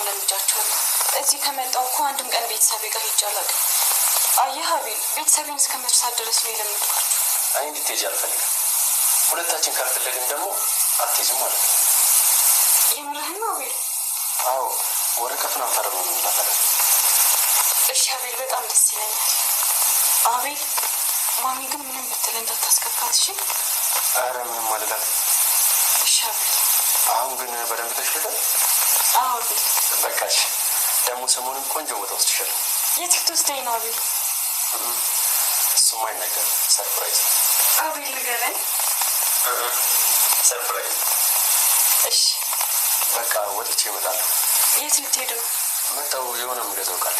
በጣም ለምጃቸዋለሁ። እዚህ ከመጣሁ እኮ አንድም ቀን ቤተሰቤ ጋር ሂጅ አላውቅም። አየህ አቤል፣ ቤተሰቤን እስከ መርሳት ድረስ ነው የለመድኳቸው። እኔ እንድትሄጂ አልፈልግም። ሁለታችን ካልፈለግን ደግሞ አትሄጂም ማለት ነው። የምርህ ነው አቤል? አዎ፣ ወረቀቱን አንፈርምም እንላታለን። እሺ ሀቢል፣ በጣም ደስ ይለኛል። አቤል፣ ማሚ ግን ምንም ብትል እንዳታስከፋት እሺ? ኧረ ምንም አልላት። እሺ አቤል፣ አሁን ግን በደንብ ተሽልታል። በቃች። ደግሞ ሰሞኑን ቆንጆ ቦታ ወስድሻለሁ። የትክት ውስጥ ነው አቤል? እሱማ አይነገርም። ሰርፕራይዝ አቤል። ንገረኝ። ሰርፕራይዝ። እሺ በቃ ወጥቼ እመጣለሁ። የት ልትሄድ ነው? የሆነ የምገዛው ቃል።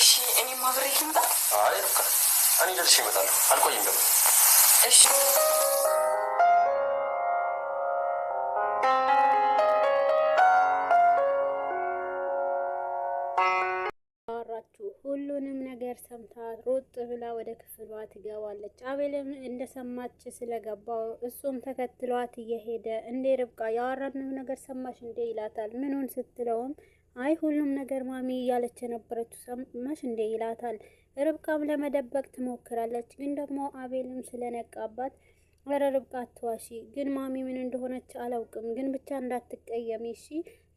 እሺ እኔም አብሬ ልምጣ? አይ በቃ እኔ ደርሼ እመጣለሁ። አልቆይም ደግሞ። እሺ ሰምታ ሮጥ ብላ ወደ ክፍሏ ትገባለች። አቤልም እንደሰማች ስለገባው እሱም ተከትሏት እየሄደ እንዴ ርብቃ ያወራነው ነገር ሰማሽ እንዴ ይላታል። ምኑን ስትለውም አይ ሁሉም ነገር ማሚ እያለች የነበረችው ሰማሽ እንዴ ይላታል። ርብቃም ለመደበቅ ትሞክራለች። ግን ደግሞ አቤልም ስለነቃባት ኧረ ርብቃ አትዋሺ፣ ግን ማሚ ምን እንደሆነች አላውቅም፣ ግን ብቻ እንዳትቀየሚ እሺ።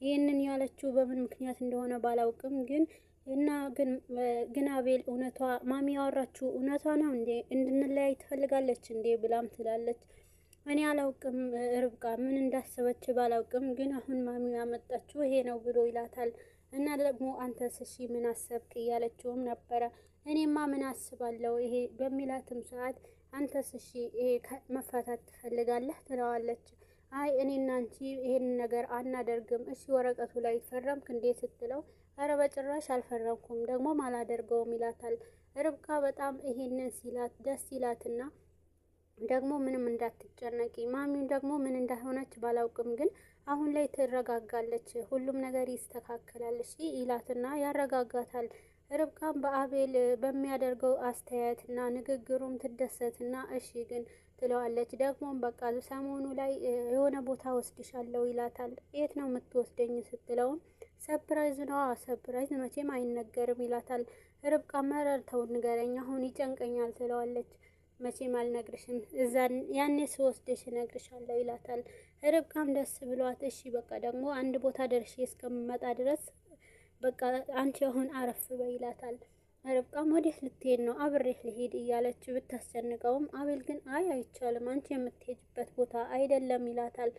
ይህንን ያለችው በምን ምክንያት እንደሆነ ባላውቅም ግን እና ግን አቤል እውነቷ ማሚ ያወራችሁ እውነቷ ነው እንዴ? እንድንለያይ ትፈልጋለች እንዴ? ብላም ትላለች። እኔ አላውቅም ርብቃ ምን እንዳሰበች ባላውቅም፣ ግን አሁን ማሚ ያመጣችሁ ይሄ ነው ብሎ ይላታል። እና ደግሞ አንተ ስሺ ምን አሰብክ እያለችውም ነበረ። እኔማ ምን አስባለሁ ይሄ በሚላትም ሰዓት አንተ ስሺ ይሄ መፋታት ትፈልጋለህ ትለዋለች። አይ እኔና አንቺ ይሄን ነገር አናደርግም። እሺ ወረቀቱ ላይ ፈረምክ እንዴት ስትለው ኧረ በጭራሽ አልፈረምኩም ደግሞ አላደርገውም ይላታል። ርብቃ በጣም ይሄንን ሲላት ደስ ይላትና ደግሞ ምንም እንዳትጨነቂ ማሚውን ደግሞ ምን እንዳሆነች ባላውቅም ግን አሁን ላይ ትረጋጋለች፣ ሁሉም ነገር ይስተካከላል እሺ ይላትና ያረጋጋታል። ርብቃም በአቤል በሚያደርገው አስተያየትና ንግግሩም ትደሰትና እሺ ግን ትለዋለች። ደግሞም በቃ ሰሞኑ ላይ የሆነ ቦታ ወስድሻለሁ ይላታል። የት ነው የምትወስደኝ ስትለውም ሰፕራይዝ ነዋ፣ ሰፕራይዝ መቼም አይነገርም ይላታል። ርብቃ መረር ተው ንገረኝ፣ አሁን ይጨንቀኛል ትለዋለች። መቼም አልነግርሽም፣ እዛን ያኔ ስወስድሽ እነግርሻለሁ ይላታል። ርብቃም ደስ ብሏት እሺ በቃ ደግሞ አንድ ቦታ ደርሼ እስከምመጣ ድረስ በቃ አንቺ አሁን አረፍ በይ ይላታል። ርብቃም ወዴት ልትሄድ ነው? አብሬህ ልሄድ እያለች ብታስጨንቀውም አቤል ግን አይ አይቻልም፣ አንቺ የምትሄጅበት ቦታ አይደለም ይላታል።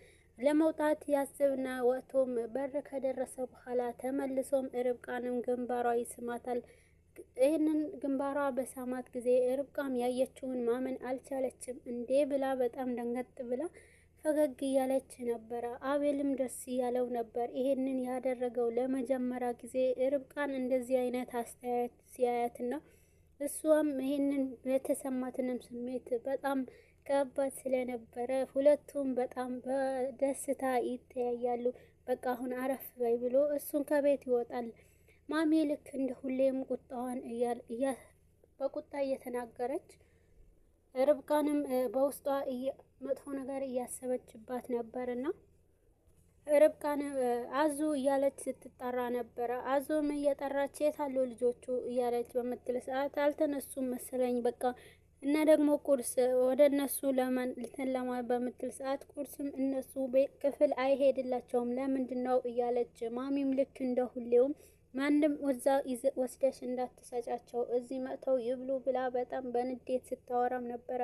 ለመውጣት ያስብና ወጥቶም በር ከደረሰ በኋላ ተመልሶም ርብቃንም ግንባሯ ይስማታል። ይህንን ግንባሯ በሳማት ጊዜ ርብቃም ያየችውን ማመን አልቻለችም። እንዴ ብላ በጣም ደንገጥ ብላ ፈገግ እያለች ነበረ። አቤልም ደስ እያለው ነበር። ይሄንን ያደረገው ለመጀመሪያ ጊዜ ርብቃን እንደዚህ አይነት አስተያየት ሲያያትና እሷም ይሄንን የተሰማትንም ስሜት በጣም ከባድ ስለነበረ ሁለቱም በጣም በደስታ ይተያያሉ። በቃ አሁን አረፍ በይ ብሎ እሱን ከቤት ይወጣል። ማሜ ልክ እንደ ሁሌም ቁጣዋን በቁጣ እየተናገረች ርብቃንም በውስጧ መጥፎ ነገር እያሰበችባት ነበር እና ርብቃን አዙ እያለች ስትጠራ ነበረ። አዙም እየጠራች የት አሉ ልጆቹ እያለች በምትል ሰዓት አልተነሱም መሰለኝ በቃ እና ደግሞ ቁርስ ወደ እነሱ ለማንትን ለማ በምትል ሰዓት ቁርስም እነሱ ክፍል አይሄድላቸውም ለምንድን ነው እያለች ማሚም ልክ እንደ ሁሌውም ማንም ወዛ ወስደሽ እንዳትሰጫቸው እዚህ መጥተው ይብሉ ብላ በጣም በንዴት ስታወራም ነበረ።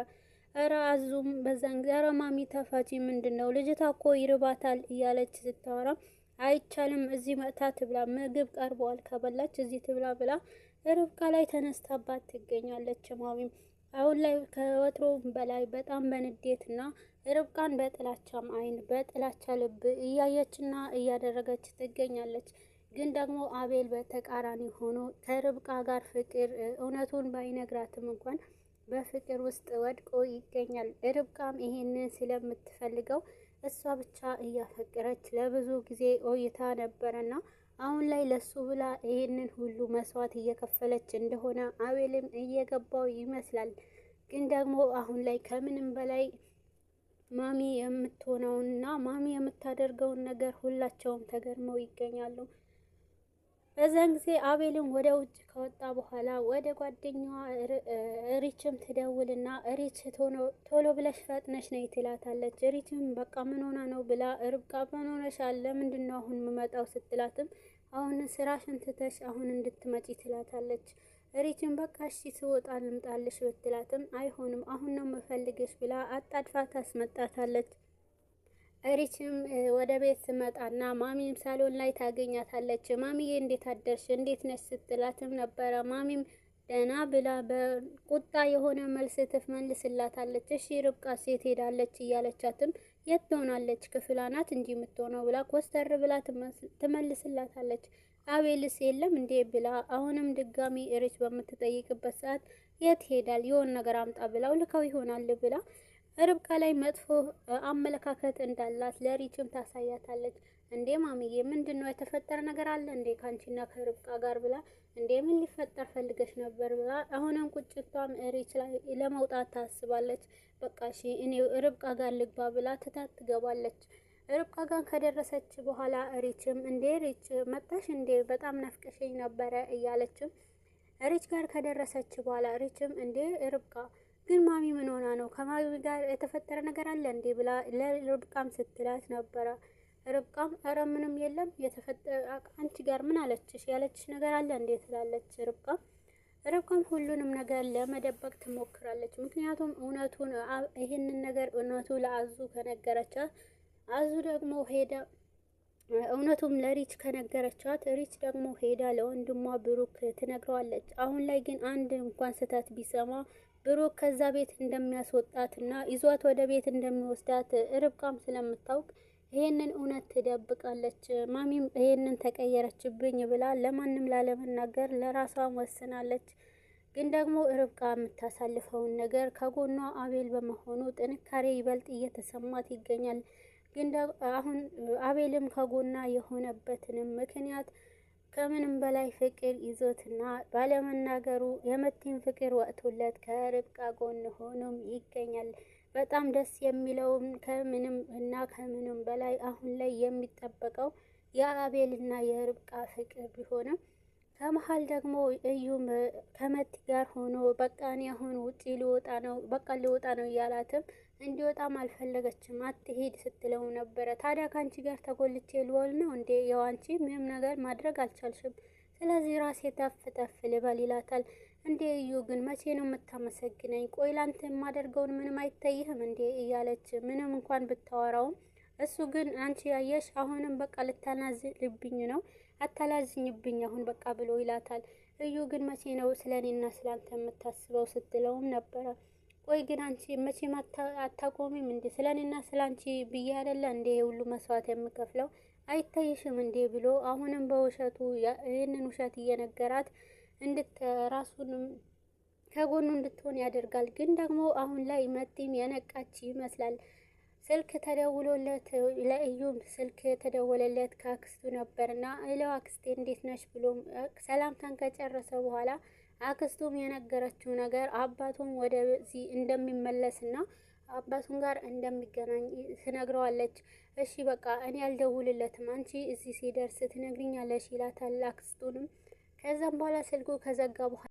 እረ አዙም በዛን ጊዜ እረ ማሚ ተፋጂ ምንድን ነው ልጅቷ እኮ ይርባታል እያለች ስታወራም አይቻልም እዚህ መጥታ ትብላ፣ ምግብ ቀርበዋል፣ ከበላች እዚህ ትብላ ብላ ርብቃ ላይ ተነስታባት ትገኛለች። ማሚም አሁን ላይ ከወትሮ በላይ በጣም በንዴትና ርብቃን በጥላቻም አይን በጥላቻ ልብ እያየችና እያደረገች ትገኛለች። ግን ደግሞ አቤል በተቃራኒ ሆኖ ከርብቃ ጋር ፍቅር እውነቱን ባይነግራትም እንኳን በፍቅር ውስጥ ወድቆ ይገኛል። ርብቃም ይሄንን ስለምትፈልገው እሷ ብቻ እያፈቀረች ለብዙ ጊዜ ቆይታ ነበረና አሁን ላይ ለሱ ብላ ይሄንን ሁሉ መስዋዕት እየከፈለች እንደሆነ አቤልም እየገባው ይመስላል። ግን ደግሞ አሁን ላይ ከምንም በላይ ማሚ የምትሆነውንና ማሚ የምታደርገውን ነገር ሁላቸውም ተገርመው ይገኛሉ። በዛን ጊዜ አቤልም ወደ ውጭ ከወጣ በኋላ ወደ ጓደኛዋ ሪችም ትደውልና ሪች ቶሎ ብለሽ ፈጥነሽ ነይ ትላታለች። ሪችም በቃ ምን ሆና ነው ብላ ርብቃ ምን ሆነሻል? ለምንድን ነው አሁን የምመጣው ስትላትም አሁን ስራሽን ትተሽ አሁን እንድትመጪ ትላታለች። ሪችን በቃ እሺ ስወጣ ልምጣልሽ ብትላትም አይሆንም አሁን ነው የምፈልግሽ ብላ አጣድፋ ታስመጣታለች። ሪችም ወደ ቤት ስመጣና ማሚም ሳሎን ላይ ታገኛታለች። ማሚዬ እንዴት አደርሽ እንዴት ነሽ ስትላትም ነበረ። ማሚም ደህና ብላ በቁጣ የሆነ መልስ ትመልስላታለች። እሺ ርብቃ ሴት ሄዳለች እያለቻትም የት ትሆናለች ክፍሏ ናት እንጂ የምትሆነው ብላ ኮስተር ብላ ትመልስላታለች። አቤልስ የለም እንዴ ብላ አሁንም ድጋሚ ሪች በምትጠይቅበት ሰዓት የት ሄዳል የሆን ነገር አምጣ ብላው ልካው ይሆናል ብላ ርብቃ ላይ መጥፎ አመለካከት እንዳላት ለሪችም ታሳያታለች። እንዴ ማሚዬ ምንድን ነው የተፈጠረ ነገር አለ እንዴ ካንቺና ከርብቃ ጋር ብላ እንዴ ምን ሊፈጠር ፈልገሽ ነበር ብላ አሁንም ቁጭቷም ሪች ላይ ለመውጣት ታስባለች። በቃ ሺ እኔ ርብቃ ጋር ልግባ ብላ ትታት ትገባለች። ርብቃ ጋር ከደረሰች በኋላ ሪችም እንዴ ሪች መጣሽ እንዴ በጣም ናፍቀሽኝ ነበረ እያለችም ሪች ጋር ከደረሰች በኋላ ሪችም እንዴ ርብቃ ግን ማሚ ምን ሆና ነው ከማሚ ጋር የተፈጠረ ነገር አለ እንዴ ብላ ለርብቃም ስትላት ነበረ። ርብቃም እረ ምንም የለም የተፈጠረ አንቺ ጋር ምን አለችሽ ያለችሽ ነገር አለ እንዴ ትላለች ርብቃም ርብቃም ሁሉንም ነገር ለመደበቅ ትሞክራለች። ምክንያቱም እውነቱን ይህንን ነገር እውነቱ ለአዙ ከነገረቻት አዙ ደግሞ ሄዳ እውነቱም ለሪች ከነገረቻት ሪች ደግሞ ሄዳ ለወንድሟ ብሩክ ትነግረዋለች። አሁን ላይ ግን አንድ እንኳን ስህተት ቢሰማ ብሩክ ከዛ ቤት እንደሚያስወጣት እና ይዟት ወደ ቤት እንደሚወስዳት ርብቃም ስለምታውቅ ይሄንን እውነት ትደብቃለች። ማሚም ይሄንን ተቀየረችብኝ ብላ ለማንም ላለመናገር ለራሷም ወስናለች። ግን ደግሞ ርብቃ የምታሳልፈውን ነገር ከጎኗ አቤል በመሆኑ ጥንካሬ ይበልጥ እየተሰማት ይገኛል። ግን አሁን አቤልም ከጎኗ የሆነበትንም ምክንያት ከምንም በላይ ፍቅር ይዞትና ባለመናገሩ የመቲን ፍቅር ወጥቶለት ከርብቃ ጎን ሆኖም ይገኛል። በጣም ደስ የሚለውም ከምንም እና ከምንም በላይ አሁን ላይ የሚጠበቀው የአቤልና የርብቃ ፍቅር ቢሆንም ከመሀል ደግሞ እዩም ከመቲ ጋር ሆኖ በቃ እኔ አሁን ውጪ ሊወጣ ነው በቃ ሊወጣ ነው እያላትም እንዲወጣም አልፈለገችም። አትሄድ ስትለው ነበረ። ታዲያ ከአንቺ ጋር ተጎልቼ ልወል ነው እንዴ? ያው አንቺ ምንም ነገር ማድረግ አልቻልሽም። ስለዚህ ራሴ ተፍ ተፍ ልበል ይላታል። እንዴ እዩ ግን መቼ ነው የምታመሰግነኝ? ቆይ ላንተ የማደርገውን ምንም አይታይህም እንዴ? እያለች ምንም እንኳን ብታወራውም እሱ ግን አንቺ ያየሽ አሁንም በቃ ልታናዝልብኝ ነው፣ አታላዝኝብኝ አሁን በቃ ብሎ ይላታል። እዩ ግን መቼ ነው ስለ እኔና ስለ አንተ የምታስበው ስትለውም ነበረ። ቆይ ግን አንቺ መቼም አታቆሚም እንዴ? ስለ እኔና ስለ አንቺ ብዬ አይደለ እንዴ ሁሉ መስዋዕት የምከፍለው አይታይሽም እንዴ ብሎ አሁንም በውሸቱ ይህንን ውሸት እየነገራት እንድት ከጎኑ እንድትሆን ያደርጋል። ግን ደግሞ አሁን ላይ መቲም የነቃች ይመስላል። ስልክ ተደውሎለት ለእዩም ስልክ ተደወለለት ከአክስቱ ነበርና እለው አክስቴ እንዴት ነች ብሎ ሰላምታን ከጨረሰ በኋላ አክስቱም የነገረችው ነገር አባቱም ወደዚህ እንደሚመለስና አባቱን ጋር እንደሚገናኝ ትነግረዋለች። እሺ በቃ እኔ አልደውልለትም፣ አንቺ እዚህ ሲደርስ ትነግርኛለሽ ይላታል አክስቱንም። ከዛም በኋላ ስልኩ ከዘጋ በኋላ